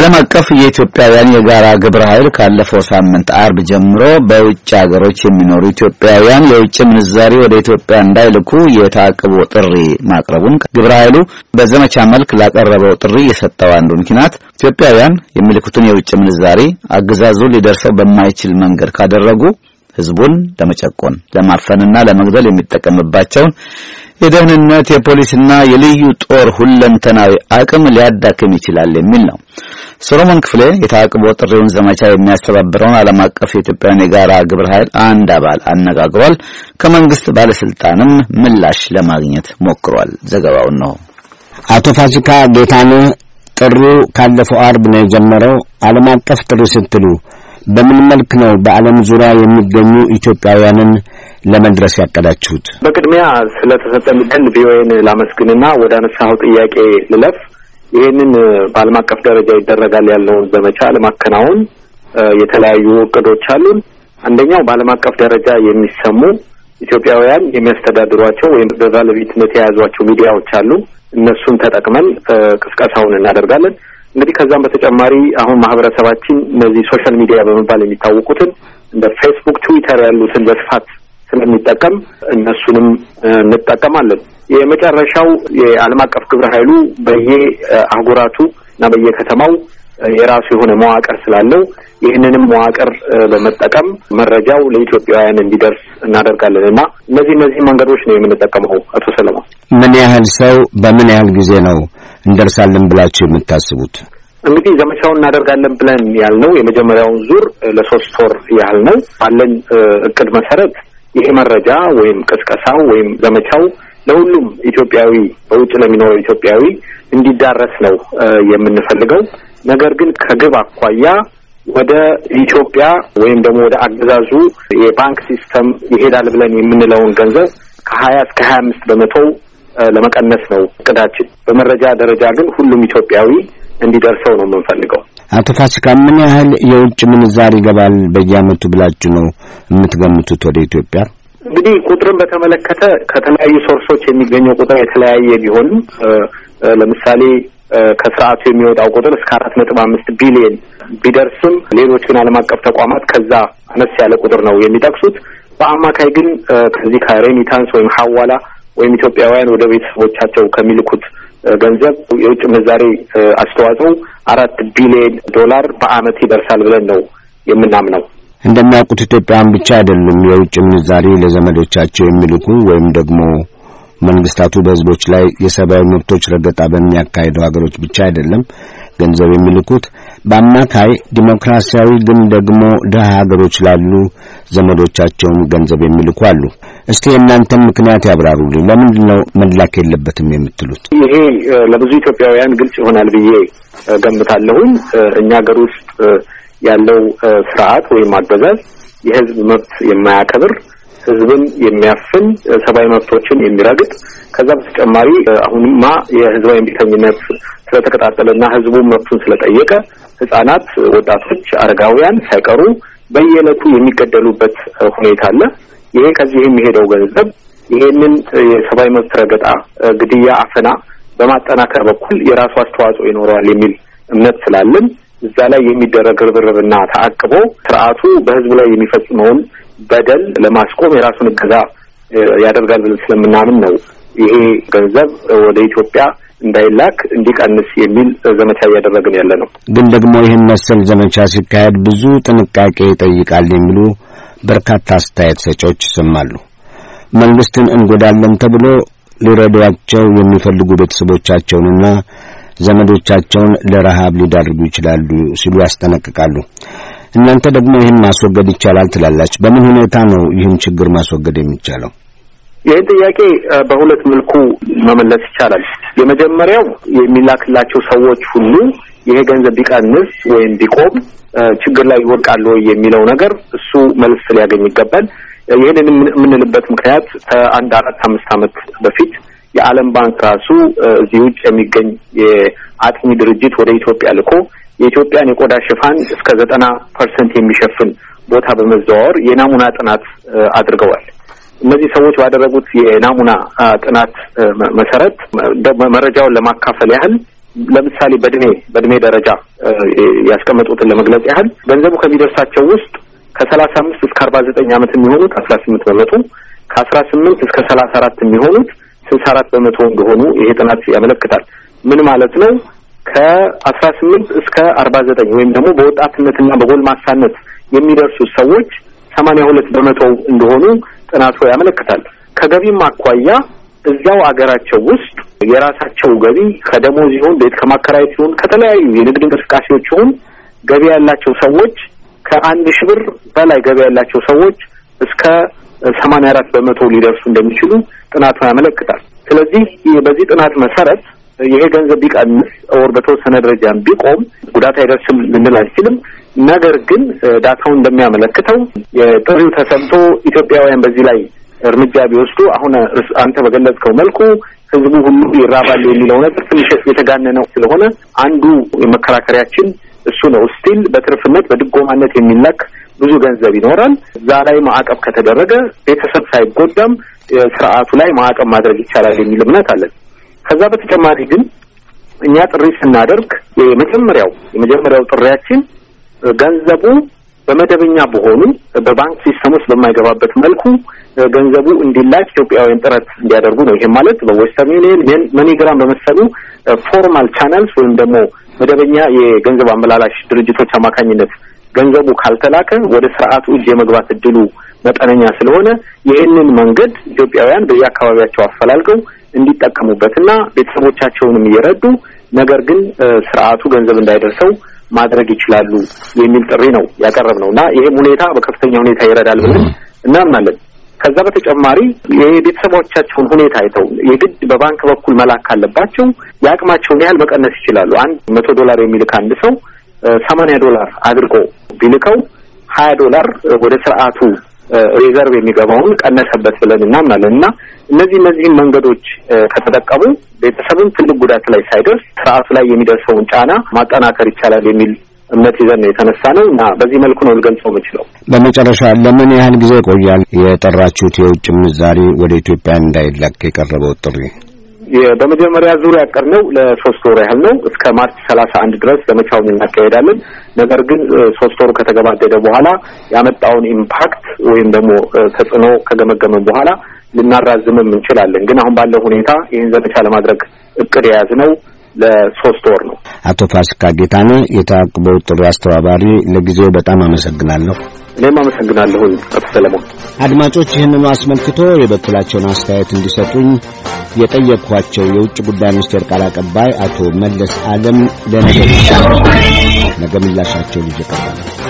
ዓለም አቀፍ የኢትዮጵያውያን የጋራ ግብረ ኃይል ካለፈው ሳምንት አርብ ጀምሮ በውጭ ሀገሮች የሚኖሩ ኢትዮጵያውያን የውጭ ምንዛሪ ወደ ኢትዮጵያ እንዳይልኩ የታቅቦ ጥሪ ማቅረቡን ግብረ ኃይሉ በዘመቻ መልክ ላቀረበው ጥሪ የሰጠው አንዱ ምክንያት ኢትዮጵያውያን የሚልኩትን የውጭ ምንዛሪ አገዛዙ ሊደርሰው በማይችል መንገድ ካደረጉ ህዝቡን ለመጨቆን ለማፈንና ለመግደል የሚጠቀምባቸውን የደህንነት የፖሊስና የልዩ ጦር ሁለንተናዊ አቅም ሊያዳክም ይችላል የሚል ነው። ሶሎሞን ክፍሌ የታቅቦ ጥሪውን ዘመቻ የሚያስተባብረውን ዓለም አቀፍ የኢትዮጵያን የጋራ ግብረ ኃይል አንድ አባል አነጋግሯል። ከመንግስት ባለስልጣንም ምላሽ ለማግኘት ሞክሯል። ዘገባውን ነው አቶ ፋሲካ ጌታነህ ጥሪው ካለፈው አርብ ነው የጀመረው። ዓለም አቀፍ ጥሪ ስትሉ በምን መልክ ነው በዓለም ዙሪያ የሚገኙ ኢትዮጵያውያንን ለመድረስ ያቀዳችሁት? በቅድሚያ ስለተሰጠን ድል ቪኦኤን ላመስግንና ወደ አነሳኸው ጥያቄ ልለፍ። ይህንን በዓለም አቀፍ ደረጃ ይደረጋል ያለውን ዘመቻ ለማከናወን የተለያዩ እቅዶች አሉን። አንደኛው በዓለም አቀፍ ደረጃ የሚሰሙ ኢትዮጵያውያን የሚያስተዳድሯቸው ወይም በባለቤትነት የያዟቸው ሚዲያዎች አሉ። እነሱን ተጠቅመን ቅስቀሳውን እናደርጋለን። እንግዲህ ከዛም በተጨማሪ አሁን ማህበረሰባችን እነዚህ ሶሻል ሚዲያ በመባል የሚታወቁትን እንደ ፌስቡክ፣ ትዊተር ያሉትን በስፋት ስለሚጠቀም እነሱንም እንጠቀማለን። የመጨረሻው የዓለም አቀፍ ግብረ ኃይሉ በየ አህጉራቱ እና በየከተማው የራሱ የሆነ መዋቅር ስላለው ይህንንም መዋቅር በመጠቀም መረጃው ለኢትዮጵያውያን እንዲደርስ እናደርጋለን እና እነዚህ እነዚህ መንገዶች ነው የምንጠቀመው። አቶ ሰለሞን፣ ምን ያህል ሰው በምን ያህል ጊዜ ነው እንደርሳለን ብላችሁ የምታስቡት? እንግዲህ ዘመቻውን እናደርጋለን ብለን ያልነው የመጀመሪያውን ዙር ለሶስት ወር ያህል ነው። ባለን እቅድ መሰረት ይሄ መረጃ ወይም ቅስቀሳው ወይም ዘመቻው ለሁሉም ኢትዮጵያዊ በውጭ ለሚኖረው ኢትዮጵያዊ እንዲዳረስ ነው የምንፈልገው። ነገር ግን ከግብ አኳያ ወደ ኢትዮጵያ ወይም ደግሞ ወደ አገዛዙ የባንክ ሲስተም ይሄዳል ብለን የምንለውን ገንዘብ ከሀያ እስከ ሀያ አምስት በመቶው ለመቀነስ ነው እቅዳችን። በመረጃ ደረጃ ግን ሁሉም ኢትዮጵያዊ እንዲደርሰው ነው የምንፈልገው። አቶ ፋሲካ ምን ያህል የውጭ ምንዛሪ ይገባል በየአመቱ ብላችሁ ነው የምትገምቱት ወደ ኢትዮጵያ? እንግዲህ ቁጥርን በተመለከተ ከተለያዩ ሶርሶች የሚገኘው ቁጥር የተለያየ ቢሆንም ለምሳሌ ከስርዓቱ የሚወጣው ቁጥር እስከ አራት ነጥብ አምስት ቢሊየን ቢደርስም ሌሎች ግን ዓለም አቀፍ ተቋማት ከዛ አነስ ያለ ቁጥር ነው የሚጠቅሱት። በአማካይ ግን ከዚህ ከሬሚታንስ ወይም ሀዋላ ወይም ኢትዮጵያውያን ወደ ቤተሰቦቻቸው ከሚልኩት ገንዘብ የውጭ ምንዛሬ አስተዋጽኦ አራት ቢሊዮን ዶላር በአመት ይደርሳል ብለን ነው የምናምነው። እንደሚያውቁት ኢትዮጵያውያን ብቻ አይደሉም የውጭ ምንዛሬ ለዘመዶቻቸው የሚልኩ ወይም ደግሞ መንግስታቱ በህዝቦች ላይ የሰብአዊ መብቶች ረገጣ በሚያካሄደው ሀገሮች ብቻ አይደለም ገንዘብ የሚልኩት በአማካይ ዲሞክራሲያዊ ግን ደግሞ ድሀ ሀገሮች ላሉ ዘመዶቻቸውም ገንዘብ የሚልኩ አሉ። እስቲ የእናንተን ምክንያት ያብራሩልኝ። ለምንድን ነው መላክ የለበትም የምትሉት? ይሄ ለብዙ ኢትዮጵያውያን ግልጽ ይሆናል ብዬ ገምታለሁኝ። እኛ ሀገር ውስጥ ያለው ስርዓት ወይም አገዛዝ የህዝብ መብት የማያከብር ህዝብን የሚያፍን ሰብአዊ መብቶችን የሚረግጥ ከዛ በተጨማሪ አሁንማ የህዝባዊ እምቢተኝነት ስለተቀጣጠለና ህዝቡ መብቱን ስለጠየቀ ህጻናት፣ ወጣቶች፣ አረጋውያን ሳይቀሩ በየዕለቱ የሚገደሉበት ሁኔታ አለ። ይሄ ከዚህ የሚሄደው ገንዘብ ይሄንን የሰብአዊ መብት ረገጣ፣ ግድያ፣ አፈና በማጠናከር በኩል የራሱ አስተዋጽኦ ይኖረዋል የሚል እምነት ስላለን እዛ ላይ የሚደረግ ርብርብና ተአቅቦ ስርዓቱ በህዝቡ ላይ የሚፈጽመውን በደል ለማስቆም የራሱን እገዛ ያደርጋል ብለን ስለምናምን ነው ይሄ ገንዘብ ወደ ኢትዮጵያ እንዳይላክ እንዲቀንስ የሚል ዘመቻ እያደረግን ያለ ነው። ግን ደግሞ ይህን መሰል ዘመቻ ሲካሄድ ብዙ ጥንቃቄ ይጠይቃል የሚሉ በርካታ አስተያየት ሰጪዎች ይሰማሉ። መንግስትን እንጎዳለን ተብሎ ሊረዷቸው የሚፈልጉ ቤተሰቦቻቸውንና ዘመዶቻቸውን ለረሃብ ሊዳርጉ ይችላሉ ሲሉ ያስጠነቅቃሉ። እናንተ ደግሞ ይህን ማስወገድ ይቻላል ትላላችሁ። በምን ሁኔታ ነው ይህን ችግር ማስወገድ የሚቻለው? ይህን ጥያቄ በሁለት መልኩ መመለስ ይቻላል። የመጀመሪያው የሚላክላቸው ሰዎች ሁሉ ይሄ ገንዘብ ቢቀንስ ወይም ቢቆም ችግር ላይ ይወድቃሉ ወይ የሚለው ነገር እሱ መልስ ሊያገኝ ይገባል። ይህንን የምንልበት ምክንያት ከአንድ አራት አምስት ዓመት በፊት የዓለም ባንክ ራሱ እዚህ ውጭ የሚገኝ የአጥኚ ድርጅት ወደ ኢትዮጵያ ልኮ የኢትዮጵያን የቆዳ ሽፋን እስከ ዘጠና ፐርሰንት የሚሸፍን ቦታ በመዘዋወር የናሙና ጥናት አድርገዋል። እነዚህ ሰዎች ባደረጉት የናሙና ጥናት መሰረት መረጃውን ለማካፈል ያህል ለምሳሌ በእድሜ በእድሜ ደረጃ ያስቀመጡትን ለመግለጽ ያህል ገንዘቡ ከሚደርሳቸው ውስጥ ከሰላሳ አምስት እስከ አርባ ዘጠኝ ዓመት የሚሆኑት አስራ ስምንት በመቶ ከአስራ ስምንት እስከ ሰላሳ አራት የሚሆኑት ስልሳ አራት በመቶ እንደሆኑ ይሄ ጥናት ያመለክታል። ምን ማለት ነው? ከአስራ ስምንት እስከ አርባ ዘጠኝ ወይም ደግሞ በወጣትነትና በጎልማሳነት የሚደርሱት ሰዎች ሰማንያ ሁለት በመቶ እንደሆኑ ጥናቱ ያመለክታል። ከገቢም አኳያ እዚያው አገራቸው ውስጥ የራሳቸው ገቢ ከደሞዝ ይሁን ቤት ከማከራየት ይሁን ከተለያዩ የንግድ እንቅስቃሴዎች ይሁን ገቢ ያላቸው ሰዎች ከአንድ ሺህ ብር በላይ ገቢ ያላቸው ሰዎች እስከ ሰማንያ አራት በመቶ ሊደርሱ እንደሚችሉ ጥናቱ ያመለክታል። ስለዚህ በዚህ ጥናት መሰረት ይሄ ገንዘብ ቢቀንስ ኦር በተወሰነ ደረጃ ቢቆም ጉዳት አይደርስም ልንል አንችልም። ነገር ግን ዳታው እንደሚያመለክተው የጥሪው ተሰምቶ ኢትዮጵያውያን በዚህ ላይ እርምጃ ቢወስዱ አሁን አንተ በገለጽከው መልኩ ህዝቡ ሁሉ ይራባል የሚለው ነገር ትንሽ የተጋነነው ስለሆነ አንዱ የመከራከሪያችን እሱ ነው። ስቲል በትርፍነት በድጎማነት የሚላክ ብዙ ገንዘብ ይኖራል። እዛ ላይ ማዕቀብ ከተደረገ ቤተሰብ ሳይጎዳም ስርዓቱ ላይ ማዕቀብ ማድረግ ይቻላል የሚል እምነት አለን። ከዛ በተጨማሪ ግን እኛ ጥሪ ስናደርግ የመጀመሪያው የመጀመሪያው ጥሪያችን ገንዘቡ በመደበኛ በሆኑ በባንክ ሲስተም ውስጥ በማይገባበት መልኩ ገንዘቡ እንዲላክ ኢትዮጵያውያን ጥረት እንዲያደርጉ ነው። ይሄ ማለት በዌስተርን ዩኒየን መኒግራም በመሰሉ ፎርማል ቻናልስ ወይም ደግሞ መደበኛ የገንዘብ አመላላሽ ድርጅቶች አማካኝነት ገንዘቡ ካልተላከ ወደ ስርዓቱ እጅ የመግባት እድሉ መጠነኛ ስለሆነ ይህንን መንገድ ኢትዮጵያውያን በየአካባቢያቸው አፈላልገው እንዲጠቀሙበትና ቤተሰቦቻቸውንም እየረዱ ነገር ግን ስርዓቱ ገንዘብ እንዳይደርሰው ማድረግ ይችላሉ የሚል ጥሪ ነው ያቀረብነው እና ይህም ሁኔታ በከፍተኛ ሁኔታ ይረዳል ብለን እናምናለን። ከዛ በተጨማሪ የቤተሰቦቻቸውን ሁኔታ አይተው የግድ በባንክ በኩል መላክ ካለባቸው የአቅማቸውን ያህል መቀነስ ይችላሉ። አንድ መቶ ዶላር የሚልክ አንድ ሰው ሰማንያ ዶላር አድርጎ ቢልከው ሀያ ዶላር ወደ ስርዓቱ ሪዘርቭ የሚገባውን ቀነሰበት ብለን እናምናለን እና እነዚህ እነዚህን መንገዶች ከተጠቀሙ ቤተሰብም ትልቅ ጉዳት ላይ ሳይደርስ ስርዓቱ ላይ የሚደርሰውን ጫና ማጠናከር ይቻላል የሚል እምነት ይዘን ነው የተነሳ ነው እና በዚህ መልኩ ነው ልገልጸው የምችለው። በመጨረሻ ለምን ያህል ጊዜ ይቆያል የጠራችሁት የውጭ ምንዛሪ ወደ ኢትዮጵያ እንዳይላክ የቀረበው ጥሪ? በመጀመሪያ ዙር ያቀድነው ለሶስት ወር ያህል ነው። እስከ ማርች ሰላሳ አንድ ድረስ ዘመቻውን እናካሄዳለን። ነገር ግን ሶስት ወሩ ከተገባደደ በኋላ ያመጣውን ኢምፓክት ወይም ደግሞ ተጽዕኖ ከገመገመን በኋላ ልናራዝምም እንችላለን። ግን አሁን ባለው ሁኔታ ይህን ዘመቻ ለማድረግ እቅድ የያዝነው ለሶስት ወር ነው። አቶ ፋሲካ ጌታነ የተአቅቦ ጥሪ አስተባባሪ፣ ለጊዜው በጣም አመሰግናለሁ። እኔም አመሰግናለሁን አቶ ሰለሞን። አድማጮች ይህንኑ አስመልክቶ የበኩላቸውን አስተያየት እንዲሰጡኝ የጠየቅኳቸው የውጭ ጉዳይ ሚኒስቴር ቃል አቀባይ አቶ መለስ አለም ለነገ ነገ ምላሻቸው ልጅ